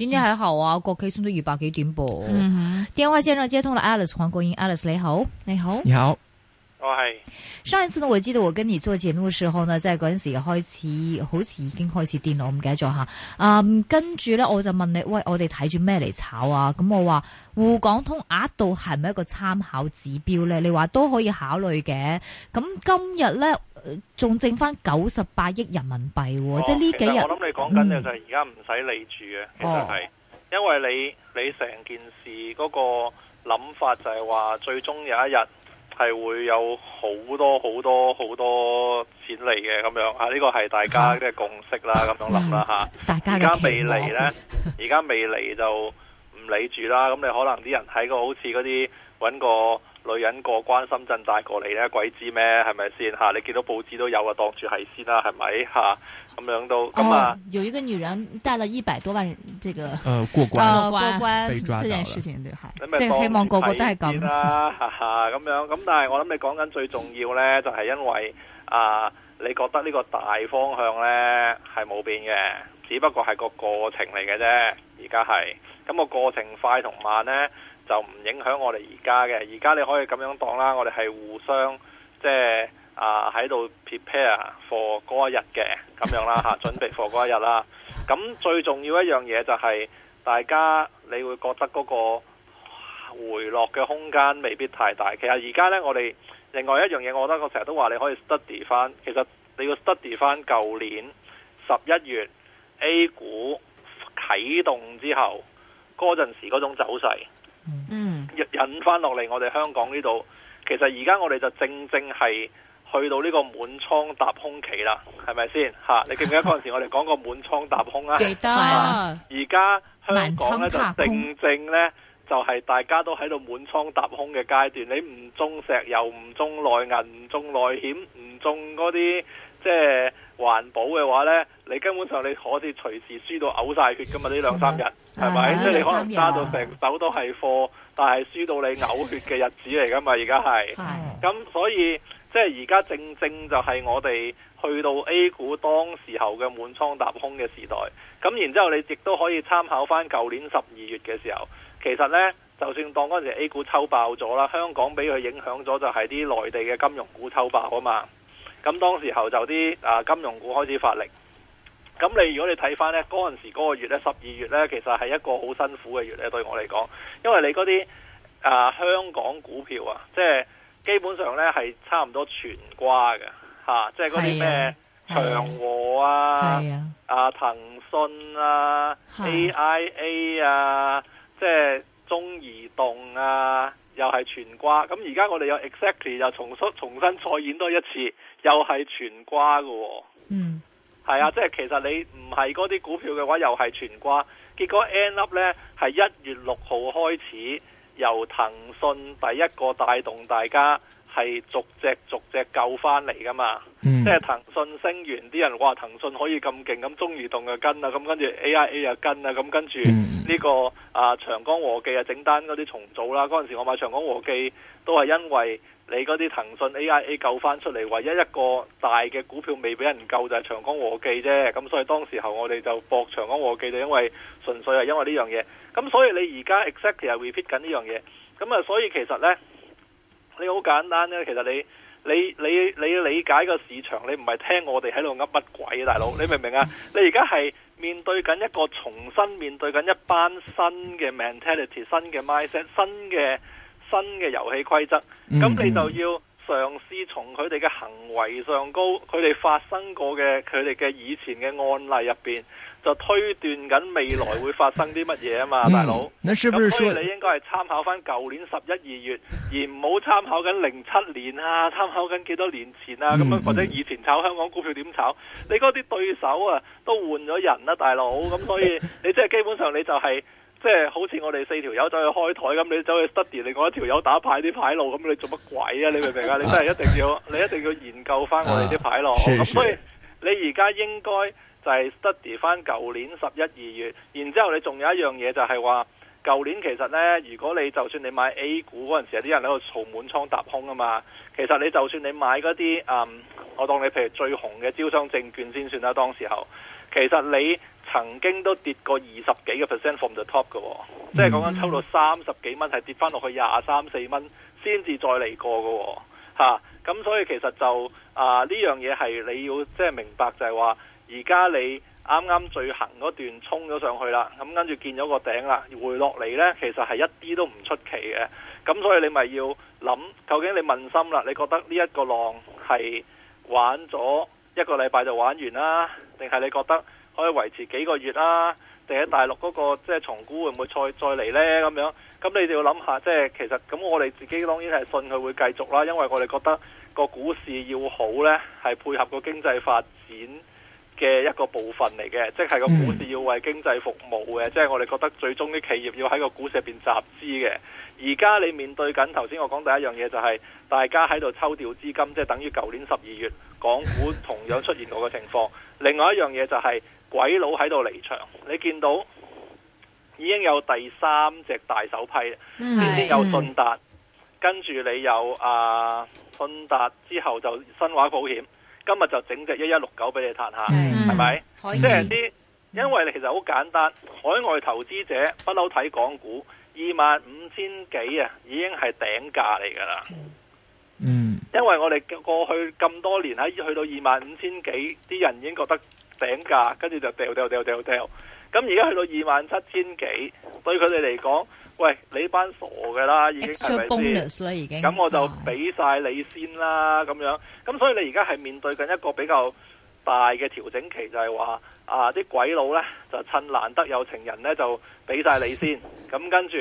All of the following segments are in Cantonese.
今天還好啊，嗯、國企升到二百幾點噃。嗯、電話線上接通啦，Alice 黃國英，Alice 你好，你好，你好。我係上一次呢，哦、是我知道我跟你做節目嘅時候呢，即係嗰陣時開始，好似已經開始跌落，唔記得咗吓。跟住咧，我就問你，喂，我哋睇住咩嚟炒啊？咁、嗯、我話滬港通額度係咪一個參考指標咧？你話都可以考慮嘅。咁今日咧，仲剩翻九十八億人民幣，啊、哦、即係呢幾日。我諗你講緊嘅就係而家唔使理住嘅，係、嗯、因為你你成件事嗰個諗法就係話，最終有一日。係會有好多好多好多錢嚟嘅，咁樣呢、呢個係大家嘅共識啦，咁、嗯、樣諗啦嚇。而家未嚟呢，而家 未嚟就唔理住啦。咁你可能啲人喺個好似嗰啲揾個女人過關深圳帶過嚟咧，鬼知咩？係咪先吓、啊？你見到報紙都有啊，當住係先啦，係咪吓？咁樣都咁、哦、啊！有一個女人帶了一百多萬，這個過關、呃、過關，這件事情對哈，咁個當住睇先啦，哈哈，咁樣咁。但係我諗你講緊最重要呢就係、是、因為啊，你覺得呢個大方向呢係冇變嘅，只不過係個過程嚟嘅啫。而家係。咁個過程快同慢呢，就唔影響我哋而家嘅。而家你可以咁樣當啦，我哋係互相即係喺度 prepare for 嗰一日嘅咁樣啦嚇，準備過嗰一日啦。咁最重要一樣嘢就係大家，你會覺得嗰個回落嘅空間未必太大。其實而家呢，我哋另外一樣嘢，我覺得我成日都話你可以 study 翻。其實你要 study 翻舊年十一月 A 股啟動之後。嗰陣時嗰種走勢，引引翻落嚟我哋香港呢度，其實而家我哋就正正係去到呢個滿倉踏空期啦，係咪先？嚇， 你記唔記得嗰陣時我哋講過滿倉踏空啊？記得。而家吧香港呢就正正呢，就係、係、大家都喺度滿倉踏空嘅階段，你唔中石油，唔中內銀，唔中內險，唔中嗰啲。即係環保嘅話呢，你根本上你可以隨時輸到嘔晒血㗎嘛？呢兩三日係咪？即係你可能揸到成手都係貨，但係輸到你嘔血嘅日子嚟㗎嘛？而家係，咁、啊、所以即係而家正正就係我哋去到 A 股當時候嘅滿倉踏空嘅時代。咁然之後你亦都可以參考返舊年十二月嘅時候，其實呢，就算當嗰陣時 A 股抽爆咗啦，香港俾佢影響咗，就係啲內地嘅金融股抽爆啊嘛。咁當時候就啲啊金融股開始發力，咁你如果你睇翻呢，嗰陣時嗰個月呢，十二月呢，其實係一個好辛苦嘅月呢。對我嚟講，因為你嗰啲啊香港股票啊，即係基本上呢係差唔多全瓜嘅吓，即係嗰啲咩長和啊，啊騰訊啊，AIA 啊，即係中移動啊。又係全瓜，咁而家我哋有 exactly 又重新重新再演多一次，又係全瓜噶喎、哦。嗯，係啊，即係其實你唔係嗰啲股票嘅話，又係全瓜。結果 end up 呢係一月六號開始，由騰訊第一個帶動大家，係逐隻逐隻救翻嚟噶嘛，嗯、即係騰訊升完，啲人話騰訊可以咁勁，咁中移動就跟啦，咁跟住 A I A 又跟啦，咁跟住呢、呢個、嗯、啊長江和記啊整單嗰啲重組啦，嗰陣時我買長江和記都係因為你嗰啲騰訊 A I A 救翻出嚟，唯一一個大嘅股票未俾人救就係、係、長江和記啫，咁所以當時候我哋就博長江和記就因為純粹係因為呢樣嘢，咁所以你而家 exactly 係 repeat 緊呢樣嘢，咁啊所以其實呢。你好簡單咧，其實你你你你，你理解個市場，你唔係聽我哋喺度噏乜鬼啊，大佬，你明唔明啊？你而家係面對緊一個重新面對緊一班新嘅 mentality、新嘅 mindset、新嘅新嘅遊戲規則，咁你就要嘗試從佢哋嘅行為上高，佢哋發生過嘅佢哋嘅以前嘅案例入邊。就推斷緊未來會發生啲乜嘢啊嘛，嗯、大佬哥。咁所以你應該係參考翻舊年十一二月， 而唔好參考緊零七年啊，參考緊幾多年前啊，咁、嗯、樣或者以前炒香港股票點炒？你嗰啲對手啊都換咗人啦、啊，大佬。咁所以你即係基本上你就係即係好似我哋四條友走去開台咁，你走去 study，另外一條友打牌啲牌路咁，你做乜鬼啊？你明唔明啊？啊你真係一定要，你一定要研究翻我哋啲牌路。咁、啊、所以你而家應該。就係 study 返舊年十一二月，然之後你仲有一樣嘢就係話，舊年其實呢，如果你就算你買 A 股嗰陣時有啲人喺度嘈滿倉踏空啊嘛。其實你就算你買嗰啲，嗯，我當你譬如最紅嘅招商證券先算啦、啊。當時候其實你曾經都跌過二十幾個 percent from the top 嘅、哦，即係講緊抽到三十幾蚊，係跌翻落去廿三四蚊先至再嚟過嘅喎、哦。咁、啊、所以其實就啊呢樣嘢係你要即係、就是、明白就係話。而家你啱啱最行嗰段衝咗上去啦，咁跟住見咗個頂啦，回落嚟咧，其實係一啲都唔出奇嘅。咁所以你咪要諗，究竟你問心啦，你覺得呢一個浪係玩咗一個禮拜就玩完啦，定係你覺得可以維持幾個月啦，定係大陸嗰個即係重估會唔會再再嚟咧？咁樣咁你就要諗下，即係其實咁，我哋自己當然係信佢會繼續啦，因為我哋覺得個股市要好咧，係配合個經濟發展。嘅一個部分嚟嘅，即係個股市要為經濟服務嘅，即係我哋覺得最終啲企業要喺個股市入邊集資嘅。而家你面對緊頭先我講第一樣嘢，就係大家喺度抽調資金，即係等於舊年十二月港股同樣出現過嘅情況。另外一樣嘢就係鬼佬喺度離場，你見到已經有第三隻大手批，先有信達，嗯、跟住你有啊信達之後就新華保險。今日就整隻一一六九俾你嘆下，係咪、嗯？即係啲，因為其實好簡單，海外投資者不嬲睇港股，二萬五千幾啊，已經係頂價嚟噶啦。嗯，因為我哋過去咁多年喺去到二萬五千幾，啲人已經覺得頂價，跟住就掉掉掉掉掉。咁而家去到二萬七千幾，對佢哋嚟講，喂，你班傻㗎啦，已經係咪先？咁我就俾晒你先啦，咁樣。咁所以你而家係面對緊一個比較大嘅調整期就，就係話啊啲鬼佬呢，就趁難得有情人呢，就俾晒你先。咁跟住，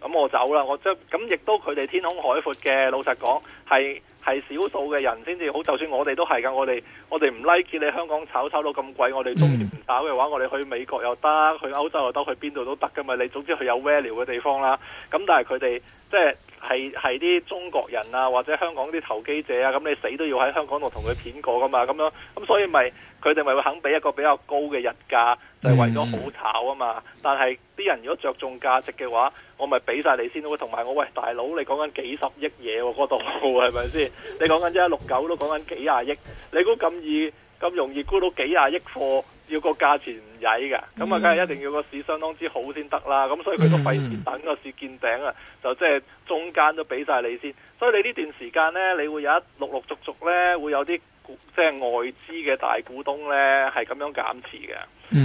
咁我走啦。我即咁，亦都佢哋天空海闊嘅。老實講係。係少數嘅人先至好，就算我哋都係噶，我哋我哋唔 like 你香港炒炒到咁貴，我哋中意唔炒嘅話，我哋去美國又得，去歐洲又得，去邊度都得噶嘛。你總之去有 value 嘅地方啦。咁但係佢哋即係係係啲中國人啊，或者香港啲投機者啊，咁你死都要喺香港度同佢片過噶嘛。咁樣，咁所以咪佢哋咪會肯俾一個比較高嘅日價，就係為咗好炒啊嘛。但係啲人如果着重價值嘅話，我咪俾晒你先咯，同埋我喂大佬，你講緊幾十億嘢喎，嗰度係咪先？你講緊一六九都講緊幾廿億，你估咁易咁容易沽到幾廿億貨，要個價錢唔曳㗎。咁啊梗係一定要個市相當之好先得啦。咁所以佢都費事等個市見頂啊，就即係中間都俾晒你先。所以你呢段時間呢，你會有一陸陸續續呢，會有啲即係外資嘅大股東呢，係咁樣減持嘅。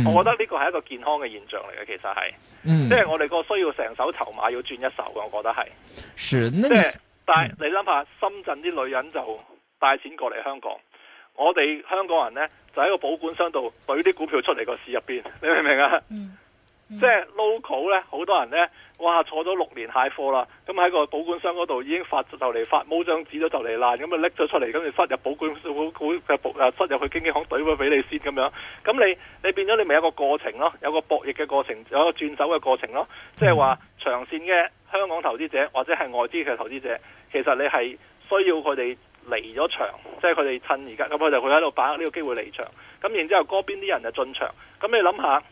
我覺得呢個係一個健康嘅現象嚟嘅，其實係，即係、嗯、我哋個需要成手籌碼要轉一手嘅，我覺得係。是，即係的、就是，但係你諗下，嗯、深圳啲女人就帶錢過嚟香港，我哋香港人咧就喺個保管箱度掟啲股票出嚟個市入邊，你明唔明啊？嗯嗯、即係 local 咧，好多人咧，哇坐咗六年蟹貨啦，咁喺個保管箱嗰度已經發就嚟發冇張紙咗就嚟爛，咁啊拎咗出嚟，跟住塞入保管好好塞入去經紀行隊會俾你先咁樣。咁你你變咗你咪有個過程咯，有個博弈嘅過程，有個轉手嘅過程咯。即係話長線嘅香港投資者或者係外資嘅投資者，其實你係需要佢哋離咗場，即係佢哋趁而家咁佢就會喺度把握呢個機會離場。咁然之後嗰邊啲人就進場，咁你諗下。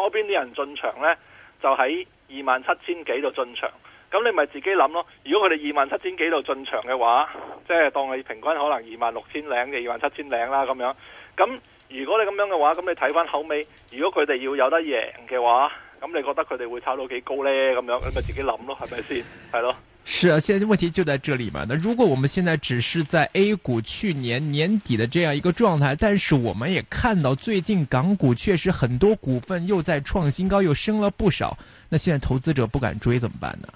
嗰邊啲人進場呢，就喺二萬七千幾度進場，咁你咪自己諗咯。如果佢哋二萬七千幾度進場嘅話，即係當你平均可能二萬六千零嘅二萬七千零啦咁樣。咁如果你咁樣嘅話，咁你睇翻後尾，如果佢哋要有得贏嘅話。咁你覺得佢哋會炒到幾高呢？咁樣你咪自己諗咯，係咪先？係咯。是啊，現在問題就在這裏嘛。那如果我們現在只是在 A 股去年年底的這樣一個狀態，但是我們也看到最近港股確實很多股份又在創新高，又升了不少。那現在投資者不敢追，怎麼辦呢？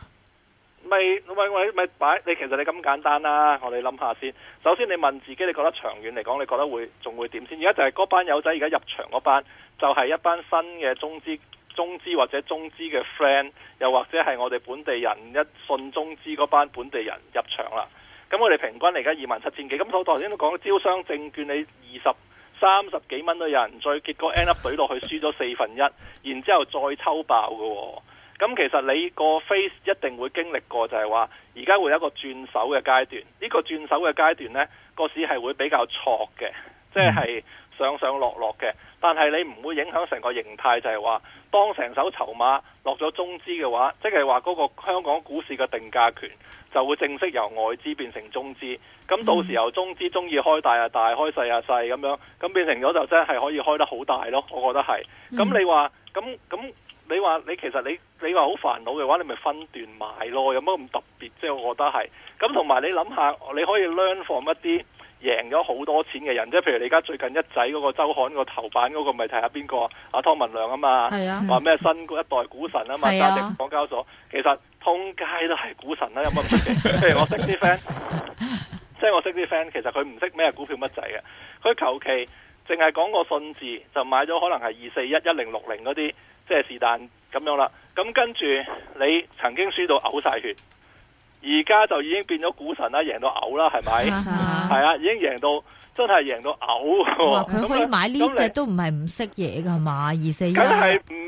咪咪咪咪擺，你其實你咁簡單啦啊。我哋諗下先。首先你問自己，你覺得長遠嚟講，你覺得會仲會點先？而家就係嗰班友仔，而家入場嗰班就係一班新嘅中資。中資或者中資嘅 friend，又或者係我哋本地人一信中資嗰班本地人入場啦。咁我哋平均嚟，而家二萬七千幾。咁我頭先都講，招商證券你二十三十幾蚊都有人再結果 end up 隊落去，輸咗四分一，然之後再抽爆嘅、哦。咁其實你個 face 一定會經歷過就是說，就係話而家會有一個轉手嘅階段。呢、這個轉手嘅階段呢，個市係會比較挫嘅，即、就、係、是。嗯上上落落嘅，但係你唔會影響成個形態，就係話當成手籌碼落咗中資嘅話，即係話嗰個香港股市嘅定價權就會正式由外資變成中資。咁到時候由中資中意開大啊大，開細啊細咁樣，咁變成咗就真係可以開得好大咯。我覺得係。咁你話咁咁，你話你其實你你話好煩惱嘅話，你咪分段買咯，有乜咁特別？即係我覺得係。咁同埋你諗下，你可以 learn from 一啲。贏咗好多錢嘅人，即係譬如你而家最近一仔嗰個周刊個頭版嗰個不是看、啊，咪睇下邊個？阿湯文亮啊嘛，話咩、啊、新一代股神啊嘛，價值廣交所，其實通街都係股神啦、啊，有乜？ 譬如我識啲 friend， 即係我識啲 friend，其實佢唔識咩股票乜仔嘅，佢求其淨係講個信字就買咗，可能係二四一一零六零嗰啲，即、係是但咁樣啦。咁跟住你曾經輸到嘔晒血。而家就已經變咗股神啦，贏到嘔啦，係咪？係 啊，已經贏到真係贏到嘔。佢可以買呢隻、嗯、樣都唔係唔識嘢㗎係嘛？你二四一，不了真係唔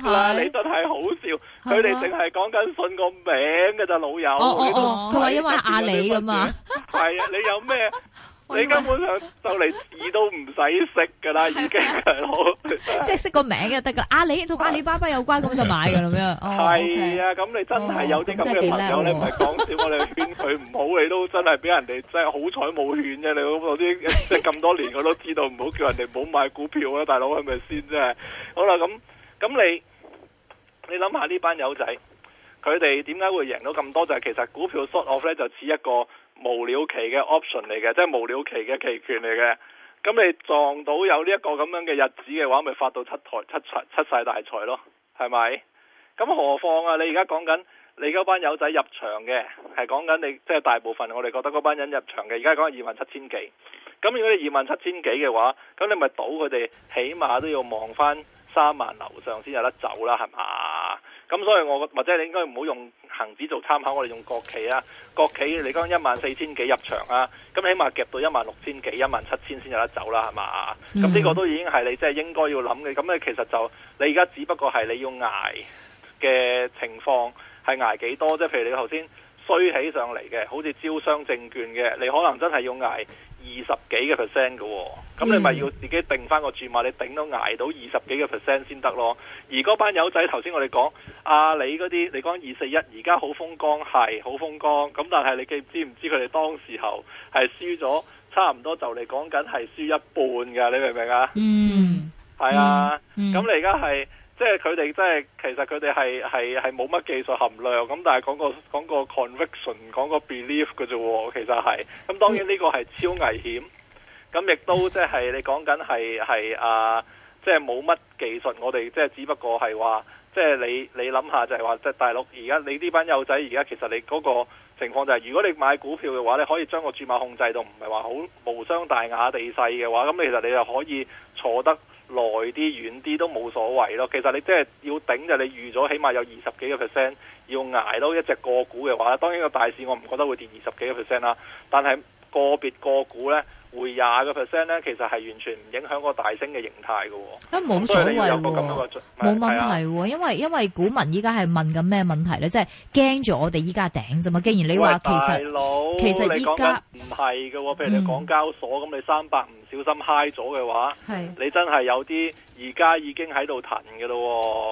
識啦！你真係好笑，佢哋淨係講緊信個名㗎咋，老友。哦哦，佢話因為阿里㗎嘛。係啊，你有咩？ 你根本上就嚟字都唔使識噶啦，已經係好，即係識個名就得噶。阿里同阿里巴巴有關咁就買噶啦咩？係啊，咁你真係有啲咁嘅朋友，你唔係講笑，我哋勸佢唔好，你都真係俾人哋真係好彩冇勸啫。你老豆啲係咁多年，我都知道唔好叫人哋唔好買股票啊，大佬係咪先啫？好啦，咁咁你你諗下呢班友仔，佢哋點解會贏到咁多？就係其實股票 short off 咧，就似一個。無了期嘅 option 嚟嘅，即係無了期嘅期權嚟嘅。咁你撞到有呢一個咁樣嘅日子嘅話，咪發到七台七七七曬大財咯，係咪？咁何況啊？你而家講緊你嗰班友仔入場嘅，係講緊你即係、就是、大部分我哋覺得嗰班人入場嘅。而家講緊二萬七千幾。咁如果你二萬七千幾嘅話，咁你咪賭佢哋，起碼都要望翻三萬樓上先有得走啦，係嘛？咁所以我或者你應該唔好用恒指做參考，我哋用國企啊。國企你講一萬四千幾入場啊，咁起碼夾到一萬六千幾、一萬七千先有得走啦，係嘛？咁呢、mm. 個都已經係你即係應該要諗嘅。咁咧其實就你而家只不過係你要捱嘅情況係捱幾多啫？譬如你頭先衰起上嚟嘅，好似招商證券嘅，你可能真係要捱。二十幾個 percent 嘅、哦，咁你咪要自己定翻個注碼，你頂到捱到二十幾個 percent 先得咯。而嗰班友仔頭先我哋講，阿里嗰啲，你講二四一，而家好風光係好風光，咁但係你知唔知佢哋當時候係輸咗差唔多就嚟講緊係輸一半嘅，你明唔明、嗯、啊嗯？嗯，係啊，咁你而家係。即係佢哋，即係其實佢哋係係係冇乜技術含量咁，但係講個講個 conviction，講個 belief 嘅啫喎，其實係咁，當然呢個係超危險。咁亦都即係你講緊係係啊，即係冇乜技術，我哋即係只不過係話，即係你你諗下就，就係話即係大陸而家你呢班幼仔而家其實你嗰個情況就係、是，如果你買股票嘅話，你可以將個注碼控制到唔係話好無傷大雅地勢嘅話，咁其實你就可以坐得。耐啲、遠啲都冇所謂咯。其實你即係要頂，就你預咗，起碼有二十幾個 percent 要挨到一隻個股嘅話，當然個大市我唔覺得會跌二十幾個 percent 啦。但係個別個股咧。回廿個 percent 咧，其實係完全唔影響個大升嘅形態嘅喎、哦。啊，冇所謂，所以你有個咁樣嘅，冇的是問題喎的。因為因為股民依家係問緊咩問題咧？即係驚住我哋依家頂啫嘛。既然你話其實其實依家唔係嘅，譬如你港交所咁，嗯、你三百唔小心嗨咗嘅話，係的你真係有啲而家已經喺度騰嘅咯。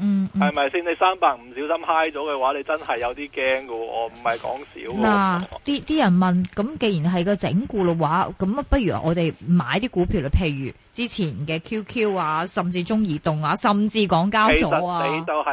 嗯。係咪先？你三百唔小心嗨咗嘅話，你真係有啲驚喎，我唔係講少。嗱、嗯，啲啲人問，咁既然係個整固嘅話，咁不如我哋買啲股票啦。譬如之前嘅 QQ 啊，甚至中移動啊，甚至港交所啊，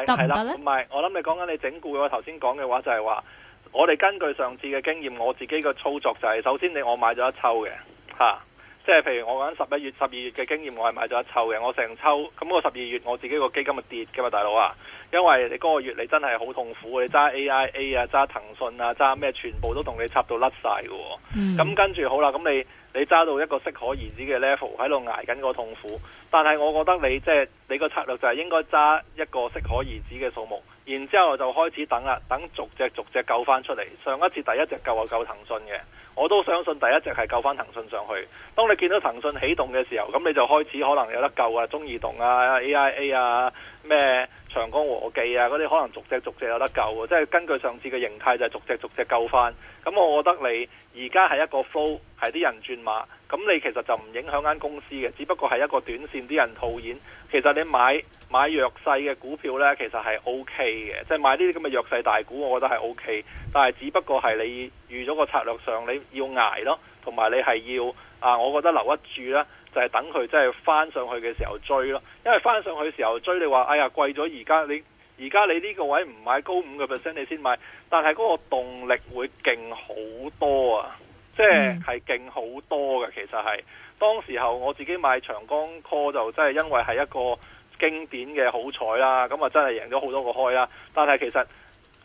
得唔得咧？唔係，我諗你講緊你整固。我頭先講嘅話就係話，我哋根據上次嘅經驗，我自己嘅操作就係、是，首先你我買咗一抽嘅，吓。即係譬如我講十一月、十二月嘅經驗我是的，我係買咗一抽嘅，我成抽咁，我十二月我自己個基金咪跌嘅嘛，大佬啊，因為你嗰個月你真係好痛苦，你揸 AIA 啊、揸騰訊啊、揸咩，全部都同你插到甩晒嘅，咁跟住好啦，咁你你揸到一個適可而止嘅 level 喺度在裏挨緊個痛苦，但係我覺得你即係、就是、你個策略就係應該揸一個適可而止嘅數目。然之後就開始等啦，等逐隻逐隻救翻出嚟。上一次第一隻救啊救騰訊嘅，我都相信第一隻係救翻騰訊上去。當你見到騰訊起動嘅時候，咁你就開始可能有得救啊，中移動啊、AIA 啊咩。長江和記啊，嗰啲可能逐隻逐隻有得救喎，即係根據上次嘅形態就係逐隻逐隻救翻。咁我覺得你而家係一個 flow，係啲人轉馬，咁你其實就唔影響間公司嘅，只不過係一個短線啲人套現。其實你買買弱勢嘅股票呢，其實係 O K 嘅，即係買呢啲咁嘅弱勢大股，我覺得係 O K。但係只不過係你預咗個策略上你要捱咯，同埋你係要啊，我覺得留一住啦。就係等佢即係翻上去嘅時候追咯，因為翻上去嘅時候追，你話哎呀貴咗，而家你而家你呢個位唔買高五個 percent 你先買，但係嗰個動力會勁好多啊！即係係勁好多嘅，其實係當時候我自己買長江 call 就真係因為係一個經典嘅好彩啦，咁啊真係贏咗好多個開啦。但係其實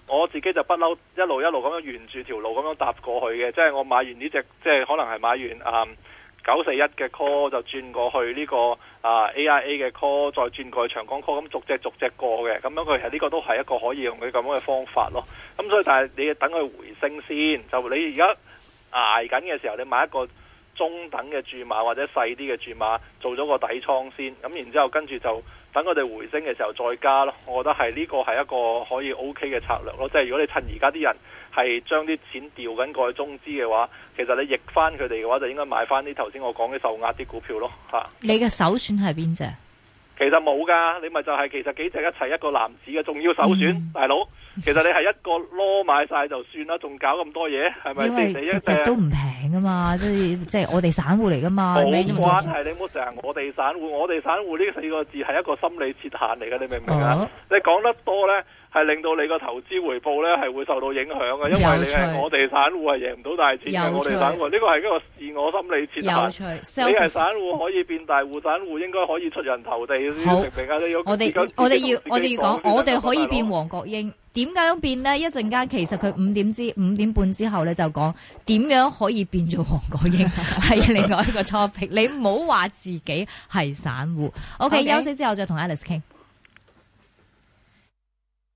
我自己就不嬲一路一路咁樣沿住條路咁樣踏過去嘅，即係我買完呢隻即係可能係買完啊。嗯九四一嘅 call 就轉過去呢個啊 AIA 嘅 call，再轉過去長江 call，咁逐隻逐隻過嘅，咁樣佢係呢個都係一個可以用佢咁樣嘅方法咯。咁所以但係你要等佢回升先，就你而家捱緊嘅時候，你買一個中等嘅注碼或者細啲嘅注碼，做咗個底倉先，咁然之後跟住就等佢哋回升嘅時候再加咯。我覺得係呢個係一個可以 OK 嘅策略咯，即係如果你趁而家啲人。係將啲錢調緊過去中資嘅話，其實你逆翻佢哋嘅話，就應該買翻啲頭先我講嘅受壓啲股票咯。吓，你嘅首選係邊隻？其實冇噶，你咪就係其實幾隻一齊一個籃子嘅重要首選、嗯、大佬。其實你係一個攞買晒就算啦，仲搞咁多嘢係咪？是不是因為只只都唔平噶嘛，即係即係我哋散戶嚟噶嘛。冇關係，你唔好成日我哋散戶，我哋散戶呢四個字係一個心理設限嚟噶，你明唔明啊？哦、你講得多咧。係令到你個投資回報咧係會受到影響嘅，因為你係我地散戶係贏唔到大錢嘅，我地散戶呢個係一個自我心理設限。有趣，你係散戶可以變大戶，散戶應該可以出人頭地，我哋我哋要我哋要講，我哋可以變黃國英，點樣變呢？一陣間其實佢五點至五點半之後咧就講點樣可以變做黃國英，係另外一個 topic。你唔好話自己係散戶。OK，休息之後再同 Alice 傾。